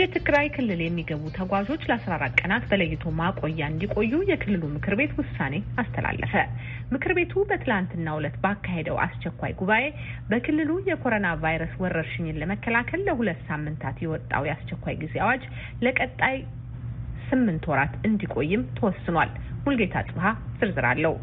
ወደ ትግራይ ክልል የሚገቡ ተጓዦች ለ14 ቀናት በለይቶ ማቆያ እንዲቆዩ የክልሉ ምክር ቤት ውሳኔ አስተላለፈ። ምክር ቤቱ በትላንትና ዕለት ባካሄደው አስቸኳይ ጉባኤ በክልሉ የኮሮና ቫይረስ ወረርሽኝን ለመከላከል ለሁለት ሳምንታት የወጣው የአስቸኳይ ጊዜ አዋጅ ለቀጣይ ስምንት ወራት እንዲቆይም ተወስኗል። ሙልጌታ ጽብሃ ዝርዝር አለው።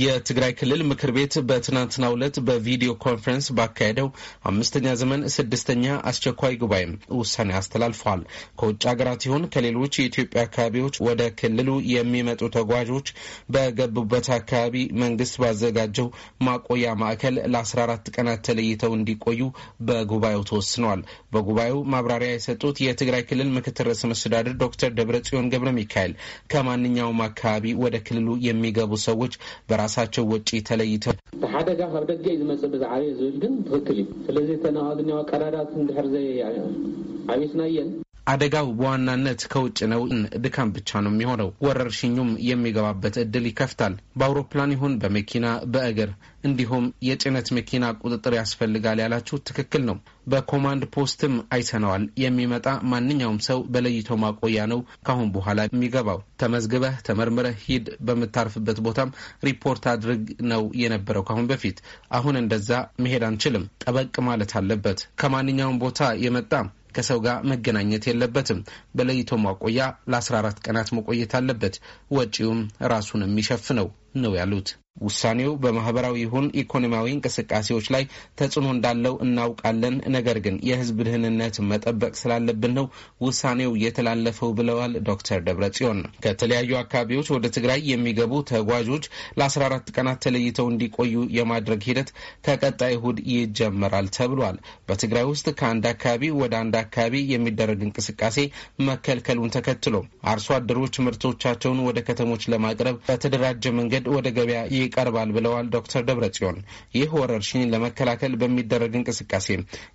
የትግራይ ክልል ምክር ቤት በትናንትናው ዕለት በቪዲዮ ኮንፈረንስ ባካሄደው አምስተኛ ዘመን ስድስተኛ አስቸኳይ ጉባኤም ውሳኔ አስተላልፏል። ከውጭ ሀገራት ይሁን ከሌሎች የኢትዮጵያ አካባቢዎች ወደ ክልሉ የሚመጡ ተጓዦች በገቡበት አካባቢ መንግስት ባዘጋጀው ማቆያ ማዕከል ለ14 ቀናት ተለይተው እንዲቆዩ በጉባኤው ተወስኗል። በጉባኤው ማብራሪያ የሰጡት የትግራይ ክልል ምክትል ርዕሰ መስተዳድር ዶክተር ደብረ ጽዮን ገብረ ሚካኤል ከማንኛውም አካባቢ ወደ ክልሉ የሚገቡ ሰዎች በ ከራሳቸው ወጪ ተለይተው ብሓደጋ ካብ ደገ እዩ ዝመፅእ ብዛዕበየ ዝብል ግን ትክክል እዩ ስለዚ ተናዋዝኒዋ ቀዳዳት እንድሕር ዘይ ዓብስና እየን አደጋው በዋናነት ከውጭ ነው፣ ድካም ብቻ ነው የሚሆነው። ወረርሽኙም የሚገባበት እድል ይከፍታል። በአውሮፕላን ይሁን በመኪና በእግር እንዲሁም የጭነት መኪና ቁጥጥር ያስፈልጋል ያላችሁ ትክክል ነው። በኮማንድ ፖስትም አይተነዋል። የሚመጣ ማንኛውም ሰው በለይቶ ማቆያ ነው ካሁን በኋላ የሚገባው። ተመዝግበህ ተመርምረህ ሂድ። በምታርፍበት ቦታም ሪፖርት አድርግ ነው የነበረው ካሁን በፊት። አሁን እንደዛ መሄድ አንችልም። ጠበቅ ማለት አለበት። ከማንኛውም ቦታ የመጣ ከሰው ጋር መገናኘት የለበትም። በለይቶ ማቆያ ለ14 ቀናት መቆየት አለበት። ወጪውም ራሱን የሚሸፍነው ነው ያሉት ውሳኔው በማህበራዊ ይሁን ኢኮኖሚያዊ እንቅስቃሴዎች ላይ ተጽዕኖ እንዳለው እናውቃለን። ነገር ግን የህዝብ ደህንነት መጠበቅ ስላለብን ነው ውሳኔው የተላለፈው ብለዋል ዶክተር ደብረ ጽዮን። ከተለያዩ አካባቢዎች ወደ ትግራይ የሚገቡ ተጓዦች ለ14 ቀናት ተለይተው እንዲቆዩ የማድረግ ሂደት ከቀጣይ እሁድ ይጀመራል ተብሏል። በትግራይ ውስጥ ከአንድ አካባቢ ወደ አንድ አካባቢ የሚደረግ እንቅስቃሴ መከልከሉን ተከትሎ አርሶ አደሮች ምርቶቻቸውን ወደ ከተሞች ለማቅረብ በተደራጀ መንገድ ወደ ገበያ ይቀርባል ብለዋል ዶክተር ደብረጽዮን። ይህ ወረርሽኝ ለመከላከል በሚደረግ እንቅስቃሴ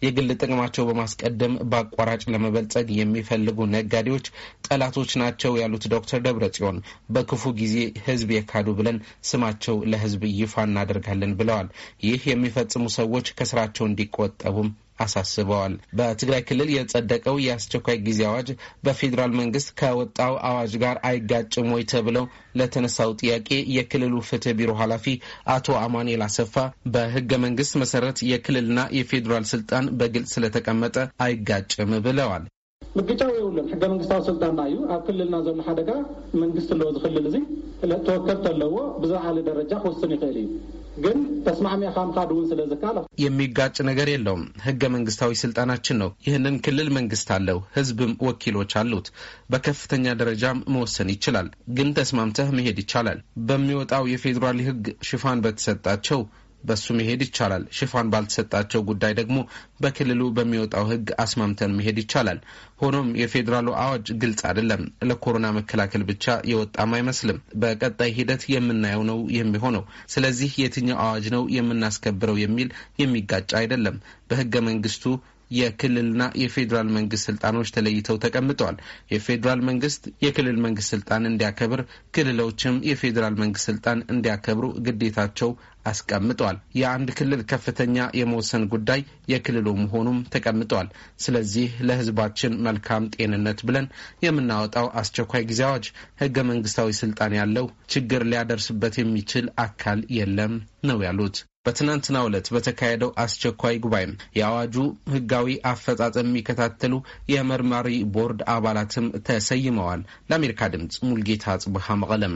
የግል ጥቅማቸው በማስቀደም በአቋራጭ ለመበልጸግ የሚፈልጉ ነጋዴዎች ጠላቶች ናቸው ያሉት ዶክተር ደብረጽዮን በክፉ ጊዜ ህዝብ የካዱ ብለን ስማቸው ለህዝብ ይፋ እናደርጋለን ብለዋል። ይህ የሚፈጽሙ ሰዎች ከስራቸው እንዲቆጠቡም አሳስበዋል። በትግራይ ክልል የጸደቀው የአስቸኳይ ጊዜ አዋጅ በፌዴራል መንግስት ከወጣው አዋጅ ጋር አይጋጭም ወይ ተብለው ለተነሳው ጥያቄ የክልሉ ፍትህ ቢሮ ኃላፊ አቶ አማኑኤል አሰፋ በህገ መንግስት መሰረት የክልልና የፌዴራል ስልጣን በግልጽ ስለተቀመጠ አይጋጭም ብለዋል። ምግጫው የብሉን ሕገ መንግስታዊ ስልጣንና እዩ ኣብ ክልልና ዘሎ ሓደጋ መንግስት ኣለዎ ዝክልል እዚ ተወከልቲ ኣለዎ ብዝለዓለ ደረጃ ክወስን ይኽእል እዩ ግን ተስማሚያ ካምካ ድውን ስለዝካለ የሚጋጭ ነገር የለውም። ህገ መንግስታዊ ስልጣናችን ነው። ይህንን ክልል መንግስት አለው፣ ህዝብም ወኪሎች አሉት። በከፍተኛ ደረጃም መወሰን ይችላል። ግን ተስማምተህ መሄድ ይቻላል። በሚወጣው የፌዴራል ህግ ሽፋን በተሰጣቸው በሱ መሄድ ይቻላል። ሽፋን ባልተሰጣቸው ጉዳይ ደግሞ በክልሉ በሚወጣው ሕግ አስማምተን መሄድ ይቻላል። ሆኖም የፌዴራሉ አዋጅ ግልጽ አይደለም። ለኮሮና መከላከል ብቻ የወጣም አይመስልም። በቀጣይ ሂደት የምናየው ነው የሚሆነው። ስለዚህ የትኛው አዋጅ ነው የምናስከብረው የሚል የሚጋጭ አይደለም። በህገ መንግስቱ የክልልና የፌዴራል መንግስት ስልጣኖች ተለይተው ተቀምጠዋል። የፌዴራል መንግስት የክልል መንግስት ስልጣን እንዲያከብር፣ ክልሎችም የፌዴራል መንግስት ስልጣን እንዲያከብሩ ግዴታቸው አስቀምጠዋል። የአንድ ክልል ከፍተኛ የመወሰን ጉዳይ የክልሉ መሆኑም ተቀምጠዋል። ስለዚህ ለህዝባችን መልካም ጤንነት ብለን የምናወጣው አስቸኳይ ጊዜ አዋጅ ህገ መንግስታዊ ስልጣን ያለው ችግር ሊያደርስበት የሚችል አካል የለም ነው ያሉት። በትናንትናው ዕለት በተካሄደው አስቸኳይ ጉባኤም የአዋጁ ህጋዊ አፈጻጸም የሚከታተሉ የመርማሪ ቦርድ አባላትም ተሰይመዋል። ለአሜሪካ ድምፅ ሙልጌታ ጽቡሃ መቀለም